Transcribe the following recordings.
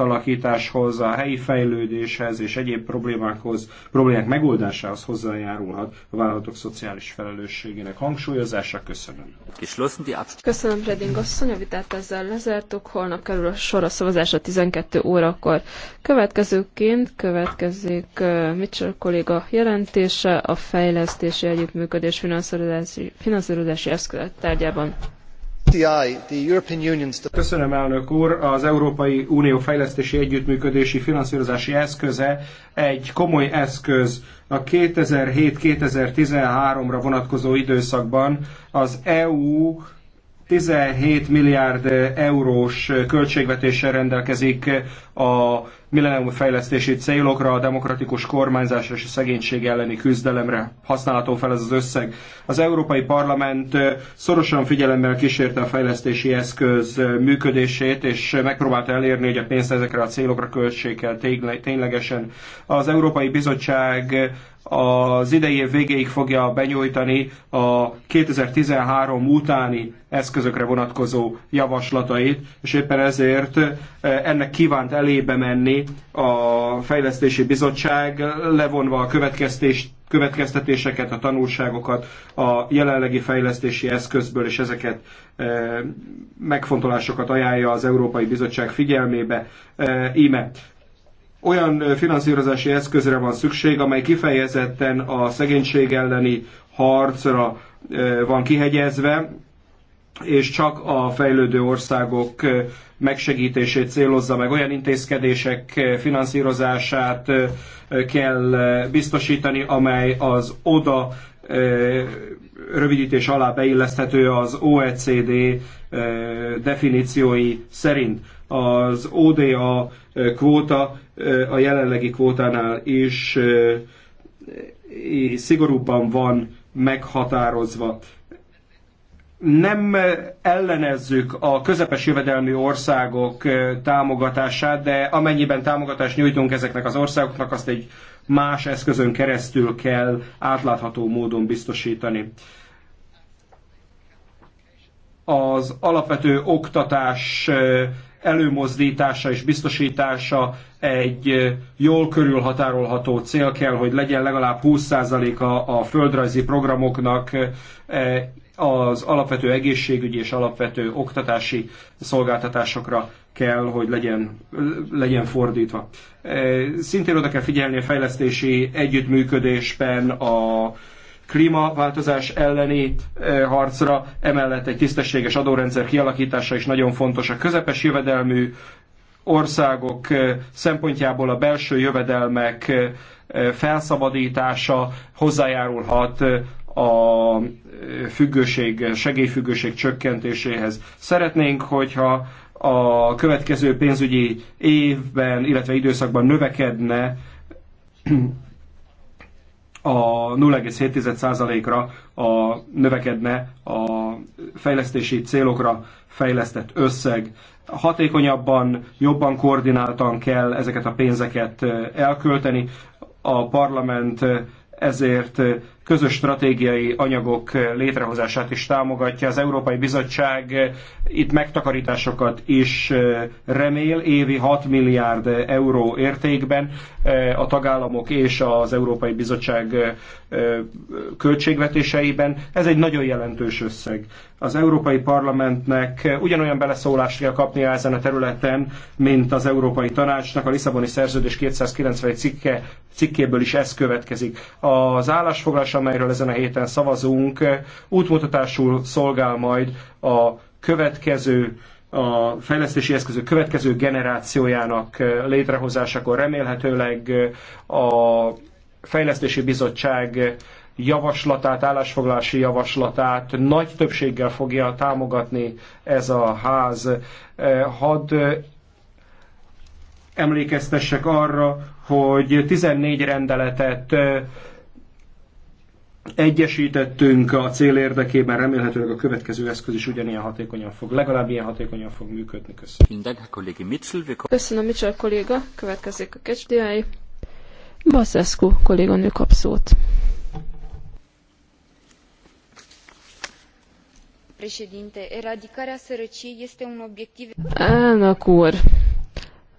átalakításhoz, a helyi fejlődéshez és egyéb problémákhoz, problémák megoldásához hozzájárulhat a vállalatok szociális felelősségének hangsúlyozása. Köszönöm. Köszönöm, Reding asszony, a vitát ezzel lezártuk. Holnap kerül a sor a szavazásra 12 órakor. Következőként következik Mitchell kolléga jelentése a fejlesztési együttműködés finanszírozási, finanszírozási eszköz tárgyában. Köszönöm, elnök úr! Az Európai Unió fejlesztési együttműködési finanszírozási eszköze egy komoly eszköz. A 2007-2013-ra vonatkozó időszakban az EU 17 milliárd eurós költségvetéssel rendelkezik a millennium fejlesztési célokra, a demokratikus kormányzásra és a szegénység elleni küzdelemre használható fel ez az összeg. Az Európai Parlament szorosan figyelemmel kísérte a fejlesztési eszköz működését, és megpróbálta elérni, hogy a pénzt ezekre a célokra költsék el ténylegesen. Az Európai Bizottság az idei év végéig fogja benyújtani a 2013 utáni eszközökre vonatkozó javaslatait, és éppen ezért ennek kívánt elébe menni a Fejlesztési Bizottság, levonva a következtetéseket, a tanulságokat a jelenlegi fejlesztési eszközből, és ezeket e, megfontolásokat ajánlja az Európai Bizottság figyelmébe. E, íme, olyan finanszírozási eszközre van szükség, amely kifejezetten a szegénység elleni harcra e, van kihegyezve, és csak a fejlődő országok eh, megsegítését célozza meg, olyan intézkedések eh, finanszírozását eh, kell biztosítani, amely az ODA rövidítés alá beilleszthető az OECD definíciói szerint. Az ODA kvóta a jelenlegi kvótánál is szigorúbban van meghatározva nem ellenezzük a közepes jövedelmi országok eh, támogatását, de amennyiben támogatást nyújtunk ezeknek az országoknak, azt egy más eszközön keresztül kell átlátható módon biztosítani. Az alapvető oktatás eh, előmozdítása és biztosítása egy eh, jól körülhatárolható cél kell, hogy legyen legalább 20%-a a földrajzi programoknak az alapvető egészségügyi és alapvető oktatási szolgáltatásokra kell, hogy legyen, legyen fordítva. E, szintén oda kell figyelni a fejlesztési együttműködésben a klímaváltozás elleni e, harcra, emellett egy tisztességes adórendszer kialakítása is nagyon fontos. A közepes jövedelmű országok e, szempontjából a belső jövedelmek felszabadítása hozzájárulhat a függőség, segélyfüggőség csökkentéséhez. Szeretnénk, hogyha a következő pénzügyi évben, illetve időszakban növekedne a 0,7%-ra a, növekedne a fejlesztési célokra fejlesztett összeg. Hatékonyabban, jobban koordináltan kell ezeket a pénzeket elkölteni. A parlament ezért közös stratégiai anyagok létrehozását is támogatja. Az Európai Bizottság itt megtakarításokat is remél, évi 6 milliárd euró értékben a tagállamok és az Európai Bizottság költségvetéseiben. Ez egy nagyon jelentős összeg. Az Európai Parlamentnek ugyanolyan beleszólást kell kapnia ezen a területen, mint az Európai Tanácsnak. A Lisszaboni Szerződés 290 cikke, cikkéből is ez következik. Az állásfoglalás állásfoglalás, amelyről ezen a héten szavazunk, útmutatásul szolgál majd a következő a fejlesztési eszközök következő generációjának eh, létrehozásakor remélhetőleg eh, a fejlesztési bizottság javaslatát, állásfoglalási javaslatát nagy többséggel fogja támogatni ez a ház. Eh, hadd emlékeztessek arra, hogy 14 rendeletet egyesítettünk a cél érdekében, remélhetőleg a következő eszköz is ugyanilyen hatékonyan fog, legalább ilyen hatékonyan fog működni. Köszönöm. Köszönöm, Mitchell kolléga. Következik a kecsdiái. Baszeszku kolléganő kap szót. Elnök úr,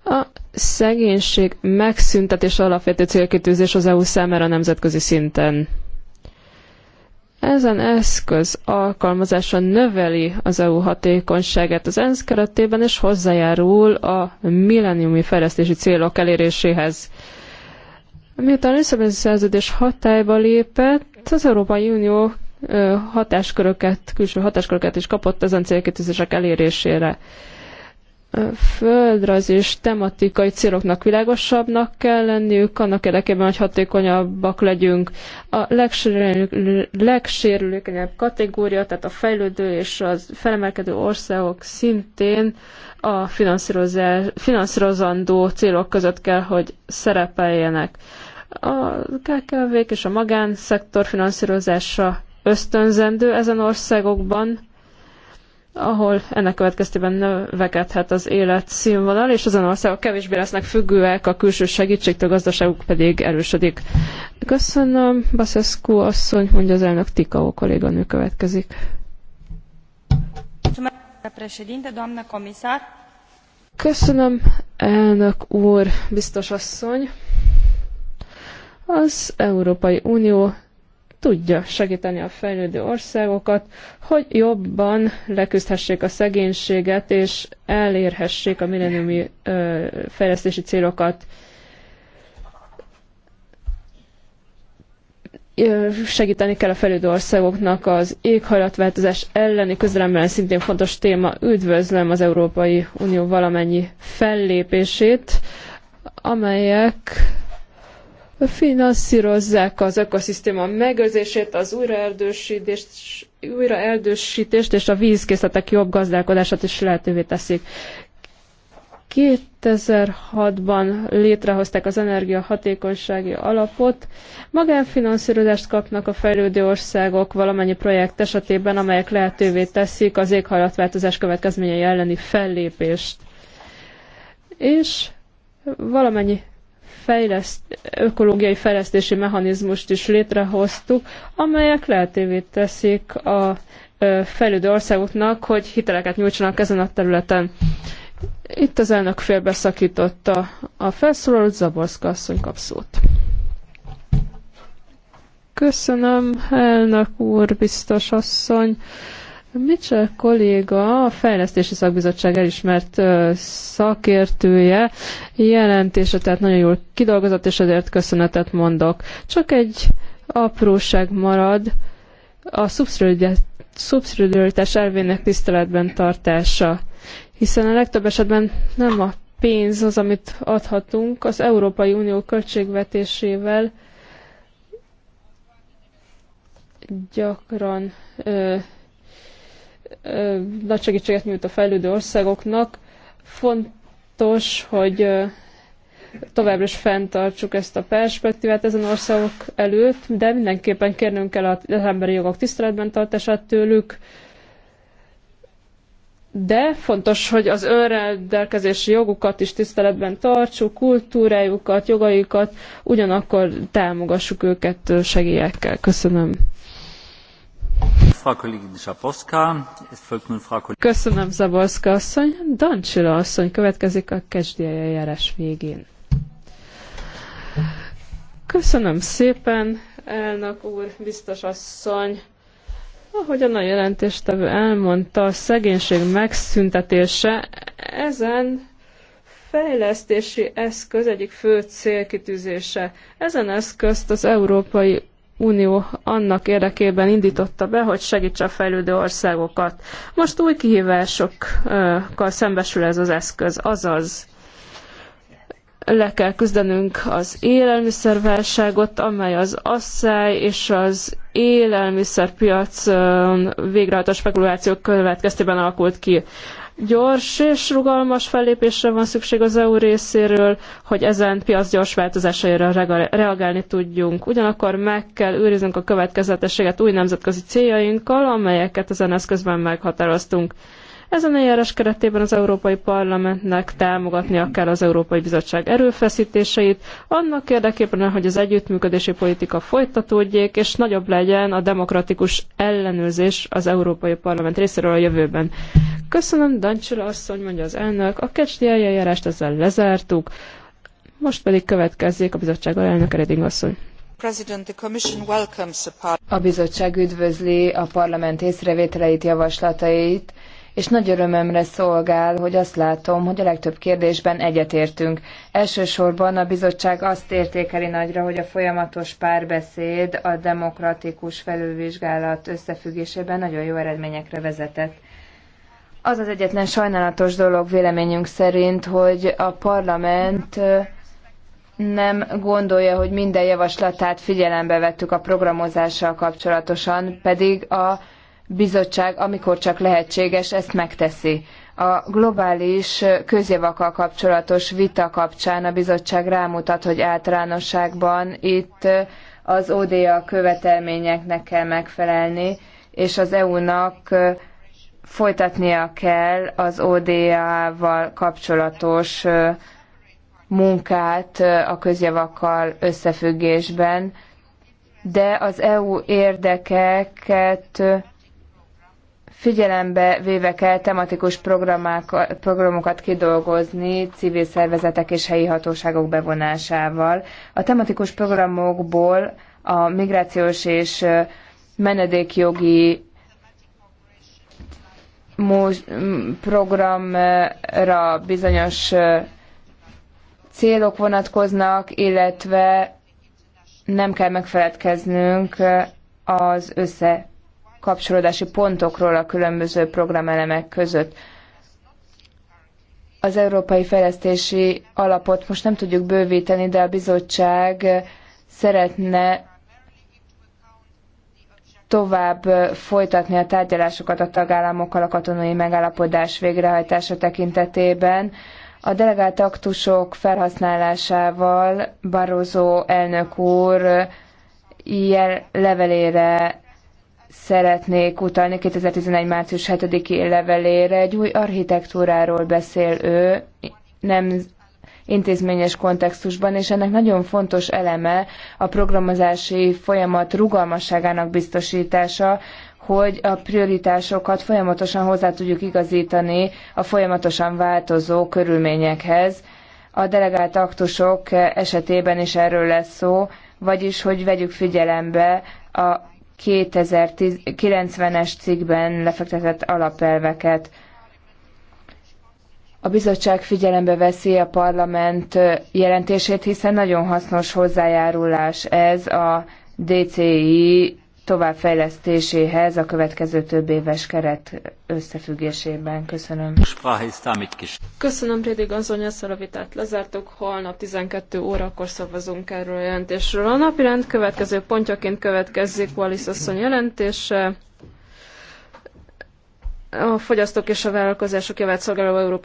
a szegénység megszüntetés alapvető célkitűzés az EU számára nemzetközi szinten. Ezen eszköz alkalmazása növeli az EU hatékonyságát az ENSZ keretében, és hozzájárul a milleniumi fejlesztési célok eléréséhez. Miután a Lisszaboni szerződés hatályba lépett, az Európai Unió hatásköröket, külső hatásköröket is kapott ezen célkitűzések elérésére földrajzi és tematikai céloknak világosabbnak kell lenniük, annak érdekében, hogy hatékonyabbak legyünk. A legsérülékenyebb kategória, tehát a fejlődő és az felemelkedő országok szintén a finanszírozandó célok között kell, hogy szerepeljenek. A KKV-k és a magánszektor finanszírozása ösztönzendő ezen országokban, ahol ennek következtében növekedhet az életszínvonal, és azon országok kevésbé lesznek függőek, a külső segítségtől gazdaságuk pedig erősödik. Köszönöm, Baszeszkó asszony, mondja az elnök Tikao kolléganő következik. Köszönöm, elnök úr, biztos asszony. Az Európai Unió tudja segíteni a fejlődő országokat, hogy jobban leküzdhessék a szegénységet és elérhessék a milleniumi fejlesztési célokat. segíteni kell a fejlődő országoknak az éghajlatváltozás elleni közelemben szintén fontos téma. Üdvözlöm az Európai Unió valamennyi fellépését, amelyek finanszírozzák az ökoszisztéma megőrzését, az újraerdősítést, újraerdősítést és a vízkészletek jobb gazdálkodását is lehetővé teszik. 2006-ban létrehozták az energiahatékonysági alapot. Magánfinanszírozást kapnak a fejlődő országok valamennyi projekt esetében, amelyek lehetővé teszik az éghajlatváltozás következményei elleni fellépést. És valamennyi fejleszt, ökológiai fejlesztési mechanizmust is létrehoztuk, amelyek lehetővé teszik a fejlődő országoknak, hogy hiteleket nyújtsanak ezen a területen. Itt az elnök félbeszakította a felszólalót, Zaborszka asszony kap szót. Köszönöm, elnök úr, biztos asszony. Mitchell kolléga, a Fejlesztési Szakbizottság elismert szakértője, jelentése, tehát nagyon jól kidolgozott, és ezért köszönetet mondok. Csak egy apróság marad, a szubszidiaritás elvének tiszteletben tartása, hiszen a legtöbb esetben nem a pénz az, amit adhatunk az Európai Unió költségvetésével, gyakran ö, nagy segítséget nyújt a fejlődő országoknak. Fontos, hogy továbbra is fenntartsuk ezt a perspektívát ezen országok előtt, de mindenképpen kérnünk kell az emberi jogok tiszteletben tartását tőlük, de fontos, hogy az önrendelkezési jogukat is tiszteletben tartsuk, kultúrájukat, jogaikat, ugyanakkor támogassuk őket segélyekkel. Köszönöm. Köszönöm, Zaborszka asszony. Dancsila asszony következik a kezdélye eljárás végén. Köszönöm szépen, elnök úr, biztos asszony. Ahogyan a jelentéstevő elmondta, a szegénység megszüntetése ezen fejlesztési eszköz egyik fő célkitűzése. Ezen eszközt az Európai Unió annak érdekében indította be, hogy segítse a fejlődő országokat. Most új kihívásokkal szembesül ez az eszköz, azaz le kell küzdenünk az élelmiszerválságot, amely az asszály és az élelmiszerpiac végrehajtott spekulációk következtében alakult ki. Gyors és rugalmas fellépésre van szükség az EU részéről, hogy ezen piac gyors változásaira reagálni tudjunk. Ugyanakkor meg kell őriznünk a következetességet új nemzetközi céljainkkal, amelyeket ezen eszközben meghatároztunk. Ezen eljárás keretében az Európai Parlamentnek támogatnia kell az Európai Bizottság erőfeszítéseit, annak érdekében, hogy az együttműködési politika folytatódjék, és nagyobb legyen a demokratikus ellenőrzés az Európai Parlament részéről a jövőben. Köszönöm, Dancsula asszony, mondja az elnök. A kecsli eljárást ezzel lezártuk. Most pedig következzék a bizottság alelnök Reding asszony. A bizottság üdvözli a parlament észrevételeit, javaslatait, és nagy örömömre szolgál, hogy azt látom, hogy a legtöbb kérdésben egyetértünk. Elsősorban a bizottság azt értékeli nagyra, hogy a folyamatos párbeszéd a demokratikus felülvizsgálat összefüggésében nagyon jó eredményekre vezetett. Az az egyetlen sajnálatos dolog véleményünk szerint, hogy a parlament nem gondolja, hogy minden javaslatát figyelembe vettük a programozással kapcsolatosan, pedig a bizottság, amikor csak lehetséges, ezt megteszi. A globális közjavakkal kapcsolatos vita kapcsán a bizottság rámutat, hogy általánosságban itt az ODA követelményeknek kell megfelelni, és az EU-nak folytatnia kell az ODA-val kapcsolatos munkát a közjavakkal összefüggésben, de az EU érdekeket figyelembe véve kell tematikus programokat kidolgozni civil szervezetek és helyi hatóságok bevonásával. A tematikus programokból a migrációs és menedékjogi programra bizonyos célok vonatkoznak, illetve nem kell megfeledkeznünk az összekapcsolódási pontokról a különböző programelemek között. Az Európai Fejlesztési Alapot most nem tudjuk bővíteni, de a bizottság szeretne tovább folytatni a tárgyalásokat a tagállamokkal a katonai megállapodás végrehajtása tekintetében. A delegált aktusok felhasználásával Barroso elnök úr ilyen levelére szeretnék utalni, 2011. március 7-i levelére. Egy új architektúráról beszél ő, nem intézményes kontextusban, és ennek nagyon fontos eleme a programozási folyamat rugalmasságának biztosítása, hogy a prioritásokat folyamatosan hozzá tudjuk igazítani a folyamatosan változó körülményekhez. A delegált aktusok esetében is erről lesz szó, vagyis hogy vegyük figyelembe a 2090-es cikkben lefektetett alapelveket a bizottság figyelembe veszi a parlament jelentését, hiszen nagyon hasznos hozzájárulás ez a DCI továbbfejlesztéséhez a következő több éves keret összefüggésében. Köszönöm. Köszönöm, Rédig Anzony, ezt a vitát lezártuk. Holnap 12 órakor szavazunk erről a jelentésről. A napirend következő pontjaként következik Wallis asszony jelentése. A fogyasztók és a vállalkozások javát szolgáló európai